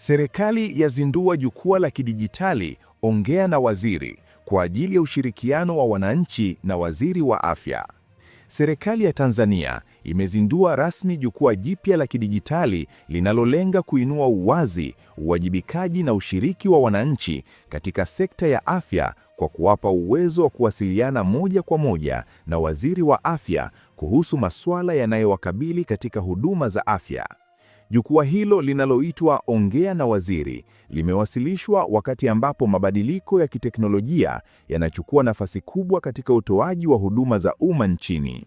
Serikali yazindua jukwaa la kidijitali Ongea na Waziri kwa ajili ya ushirikiano wa wananchi na Waziri wa Afya. Serikali ya Tanzania imezindua rasmi jukwaa jipya la kidijitali linalolenga kuinua uwazi, uwajibikaji na ushiriki wa wananchi katika sekta ya afya kwa kuwapa uwezo wa kuwasiliana moja kwa moja na Waziri wa Afya kuhusu masuala yanayowakabili katika huduma za afya. Jukwaa hilo linaloitwa Ongea na Waziri limewasilishwa wakati ambapo mabadiliko ya kiteknolojia yanachukua nafasi kubwa katika utoaji wa huduma za umma nchini.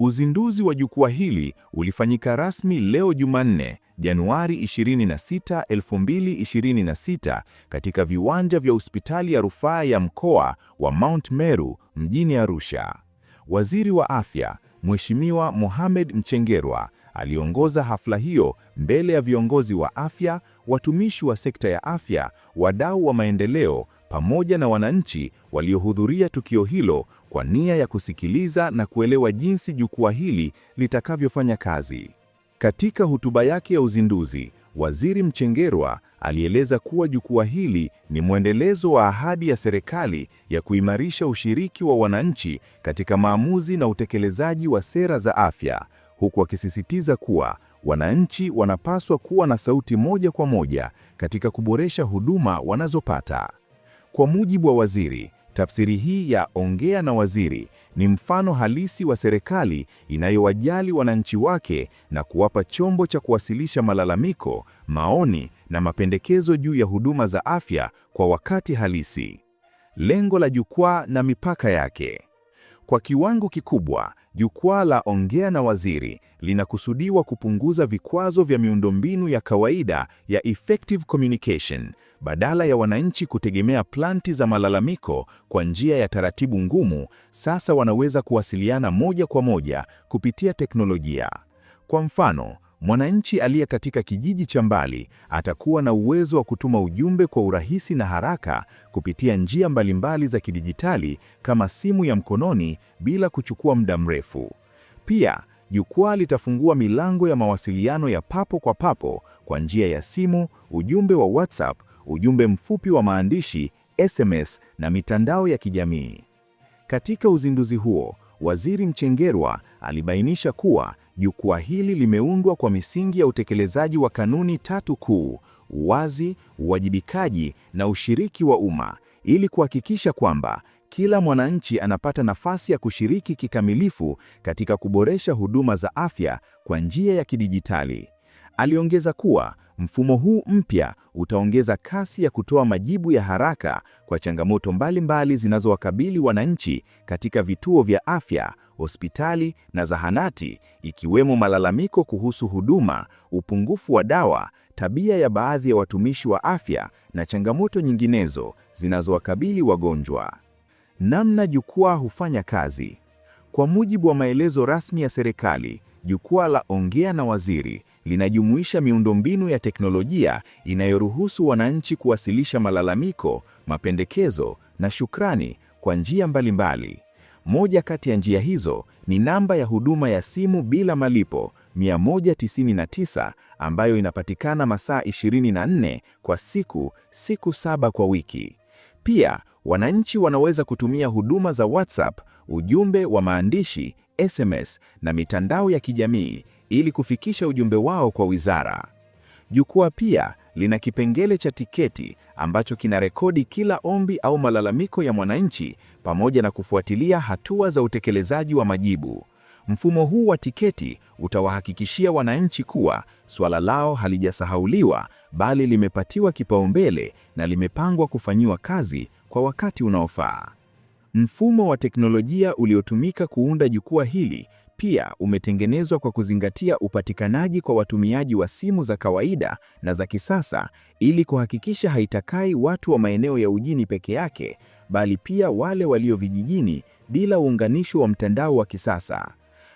Uzinduzi wa jukwaa hili ulifanyika rasmi leo Jumanne, Januari 26, 2026 katika viwanja vya Hospitali ya Rufaa ya Mkoa wa Mount Meru mjini Arusha. Waziri wa Afya, Mheshimiwa Mohamed Mchengerwa Aliongoza hafla hiyo mbele ya viongozi wa afya, watumishi wa sekta ya afya, wadau wa maendeleo pamoja na wananchi waliohudhuria tukio hilo kwa nia ya kusikiliza na kuelewa jinsi jukwaa hili litakavyofanya kazi. Katika hotuba yake ya uzinduzi, Waziri Mchengerwa alieleza kuwa jukwaa hili ni mwendelezo wa ahadi ya serikali ya kuimarisha ushiriki wa wananchi katika maamuzi na utekelezaji wa sera za afya huku wakisisitiza kuwa wananchi wanapaswa kuwa na sauti moja kwa moja katika kuboresha huduma wanazopata. Kwa mujibu wa waziri, tafsiri hii ya ongea na waziri ni mfano halisi wa serikali inayowajali wananchi wake na kuwapa chombo cha kuwasilisha malalamiko, maoni na mapendekezo juu ya huduma za afya kwa wakati halisi. Lengo la jukwaa na mipaka yake. Kwa kiwango kikubwa, jukwaa la Ongea na Waziri linakusudiwa kupunguza vikwazo vya miundombinu ya kawaida ya effective communication, badala ya wananchi kutegemea planti za malalamiko kwa njia ya taratibu ngumu, sasa wanaweza kuwasiliana moja kwa moja kupitia teknolojia. Kwa mfano, mwananchi aliye katika kijiji cha mbali atakuwa na uwezo wa kutuma ujumbe kwa urahisi na haraka kupitia njia mbalimbali za kidijitali kama simu ya mkononi bila kuchukua muda mrefu. Pia, jukwaa litafungua milango ya mawasiliano ya papo kwa papo kwa njia ya simu, ujumbe wa WhatsApp, ujumbe mfupi wa maandishi, SMS na mitandao ya kijamii. Katika uzinduzi huo, Waziri Mchengerwa alibainisha kuwa Jukwaa hili limeundwa kwa misingi ya utekelezaji wa kanuni tatu kuu: uwazi, uwajibikaji na ushiriki wa umma, ili kuhakikisha kwamba kila mwananchi anapata nafasi ya kushiriki kikamilifu katika kuboresha huduma za afya kwa njia ya kidijitali. Aliongeza kuwa mfumo huu mpya utaongeza kasi ya kutoa majibu ya haraka kwa changamoto mbalimbali zinazowakabili wananchi katika vituo vya afya hospitali na zahanati, ikiwemo malalamiko kuhusu huduma, upungufu wa dawa, tabia ya baadhi ya watumishi wa afya na changamoto nyinginezo zinazowakabili wagonjwa. Namna jukwaa hufanya kazi. Kwa mujibu wa maelezo rasmi ya serikali, jukwaa la Ongea na Waziri linajumuisha miundombinu ya teknolojia inayoruhusu wananchi kuwasilisha malalamiko, mapendekezo na shukrani kwa njia mbalimbali. Moja kati ya njia hizo ni namba ya huduma ya simu bila malipo 199 ambayo inapatikana masaa 24 kwa siku, siku saba kwa wiki. Pia wananchi wanaweza kutumia huduma za WhatsApp, ujumbe wa maandishi, SMS na mitandao ya kijamii ili kufikisha ujumbe wao kwa wizara. Jukwaa pia lina kipengele cha tiketi ambacho kinarekodi kila ombi au malalamiko ya mwananchi pamoja na kufuatilia hatua za utekelezaji wa majibu. Mfumo huu wa tiketi utawahakikishia wananchi kuwa suala lao halijasahauliwa bali limepatiwa kipaumbele na limepangwa kufanyiwa kazi kwa wakati unaofaa. Mfumo wa teknolojia uliotumika kuunda jukwaa hili pia umetengenezwa kwa kuzingatia upatikanaji kwa watumiaji wa simu za kawaida na za kisasa ili kuhakikisha haitakai watu wa maeneo ya ujini peke yake, bali pia wale walio vijijini bila uunganisho wa mtandao wa kisasa.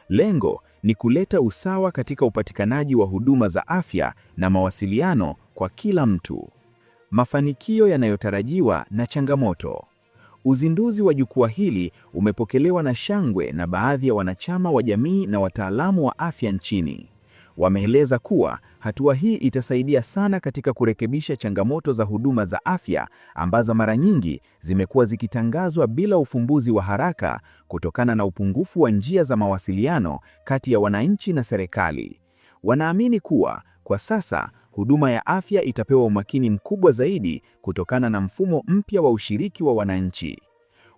Lengo ni kuleta usawa katika upatikanaji wa huduma za afya na mawasiliano kwa kila mtu. Mafanikio yanayotarajiwa na changamoto. Uzinduzi wa jukwaa hili umepokelewa na shangwe na baadhi ya wanachama wa jamii na wataalamu wa afya nchini. Wameeleza kuwa hatua hii itasaidia sana katika kurekebisha changamoto za huduma za afya ambazo mara nyingi zimekuwa zikitangazwa bila ufumbuzi wa haraka kutokana na upungufu wa njia za mawasiliano kati ya wananchi na serikali. Wanaamini kuwa kwa sasa huduma ya afya itapewa umakini mkubwa zaidi kutokana na mfumo mpya wa ushiriki wa wananchi.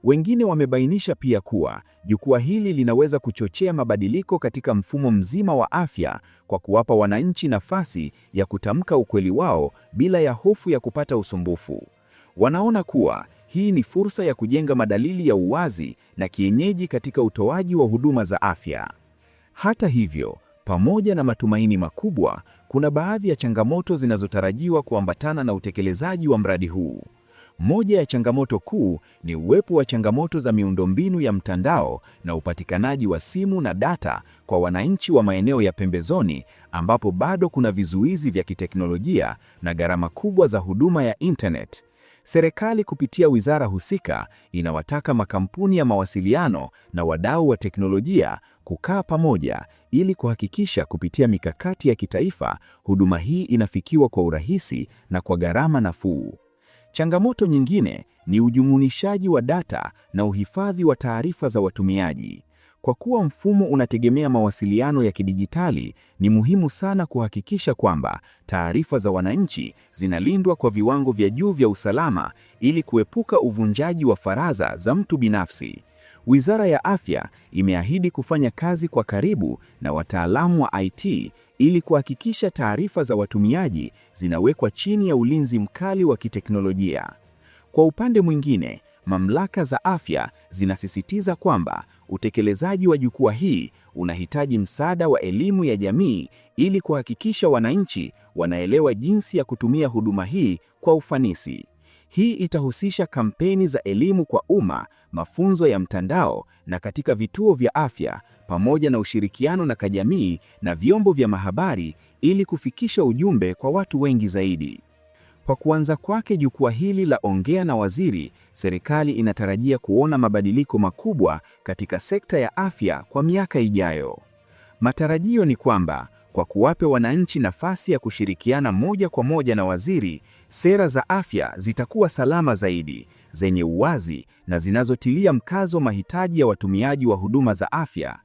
Wengine wamebainisha pia kuwa jukwaa hili linaweza kuchochea mabadiliko katika mfumo mzima wa afya kwa kuwapa wananchi nafasi ya kutamka ukweli wao bila ya hofu ya kupata usumbufu. Wanaona kuwa hii ni fursa ya kujenga madalili ya uwazi na kienyeji katika utoaji wa huduma za afya. Hata hivyo, pamoja na matumaini makubwa, kuna baadhi ya changamoto zinazotarajiwa kuambatana na utekelezaji wa mradi huu. Moja ya changamoto kuu ni uwepo wa changamoto za miundombinu ya mtandao na upatikanaji wa simu na data kwa wananchi wa maeneo ya pembezoni ambapo bado kuna vizuizi vya kiteknolojia na gharama kubwa za huduma ya internet serikali kupitia wizara husika inawataka makampuni ya mawasiliano na wadau wa teknolojia kukaa pamoja ili kuhakikisha kupitia mikakati ya kitaifa huduma hii inafikiwa kwa urahisi na kwa gharama nafuu. Changamoto nyingine ni ujumunishaji wa data na uhifadhi wa taarifa za watumiaji. Kwa kuwa mfumo unategemea mawasiliano ya kidijitali, ni muhimu sana kuhakikisha kwamba taarifa za wananchi zinalindwa kwa viwango vya juu vya usalama ili kuepuka uvunjaji wa faraza za mtu binafsi. Wizara ya Afya imeahidi kufanya kazi kwa karibu na wataalamu wa IT ili kuhakikisha taarifa za watumiaji zinawekwa chini ya ulinzi mkali wa kiteknolojia. Kwa upande mwingine, mamlaka za afya zinasisitiza kwamba utekelezaji wa jukwaa hii unahitaji msaada wa elimu ya jamii ili kuhakikisha wananchi wanaelewa jinsi ya kutumia huduma hii kwa ufanisi. Hii itahusisha kampeni za elimu kwa umma, mafunzo ya mtandao na katika vituo vya afya, pamoja na ushirikiano na kajamii na vyombo vya mahabari ili kufikisha ujumbe kwa watu wengi zaidi. Kwa kuanza kwake jukwaa hili la Ongea na Waziri, serikali inatarajia kuona mabadiliko makubwa katika sekta ya afya kwa miaka ijayo. Matarajio ni kwamba kwa kuwape wananchi nafasi ya kushirikiana moja kwa moja na waziri, sera za afya zitakuwa salama zaidi, zenye uwazi na zinazotilia mkazo mahitaji ya watumiaji wa huduma za afya.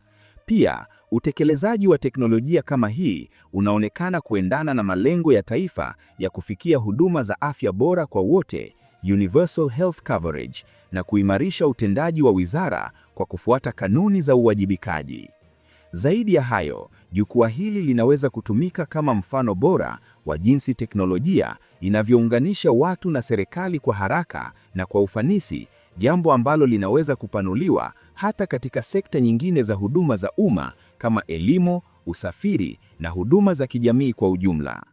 Pia, utekelezaji wa teknolojia kama hii unaonekana kuendana na malengo ya taifa ya kufikia huduma za afya bora kwa wote, universal health coverage, na kuimarisha utendaji wa wizara kwa kufuata kanuni za uwajibikaji. Zaidi ya hayo, jukwaa hili linaweza kutumika kama mfano bora wa jinsi teknolojia inavyounganisha watu na serikali kwa haraka na kwa ufanisi jambo ambalo linaweza kupanuliwa hata katika sekta nyingine za huduma za umma kama elimu, usafiri na huduma za kijamii kwa ujumla.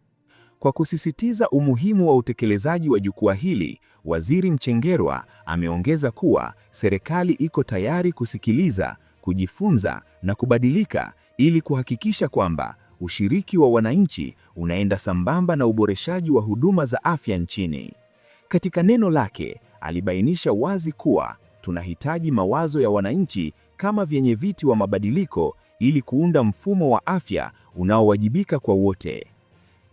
Kwa kusisitiza umuhimu wa utekelezaji wa jukwaa hili, Waziri Mchengerwa ameongeza kuwa serikali iko tayari kusikiliza, kujifunza na kubadilika ili kuhakikisha kwamba ushiriki wa wananchi unaenda sambamba na uboreshaji wa huduma za afya nchini. Katika neno lake, alibainisha wazi kuwa tunahitaji mawazo ya wananchi kama vyenyeviti wa mabadiliko ili kuunda mfumo wa afya unaowajibika kwa wote.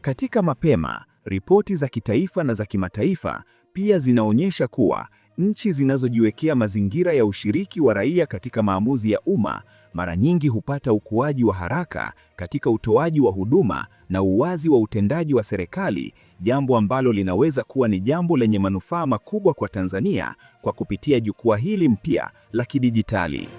Katika mapema, ripoti za kitaifa na za kimataifa pia zinaonyesha kuwa nchi zinazojiwekea mazingira ya ushiriki wa raia katika maamuzi ya umma mara nyingi hupata ukuaji wa haraka katika utoaji wa huduma na uwazi wa utendaji wa serikali, jambo ambalo linaweza kuwa ni jambo lenye manufaa makubwa kwa Tanzania kwa kupitia jukwaa hili mpya la kidijitali.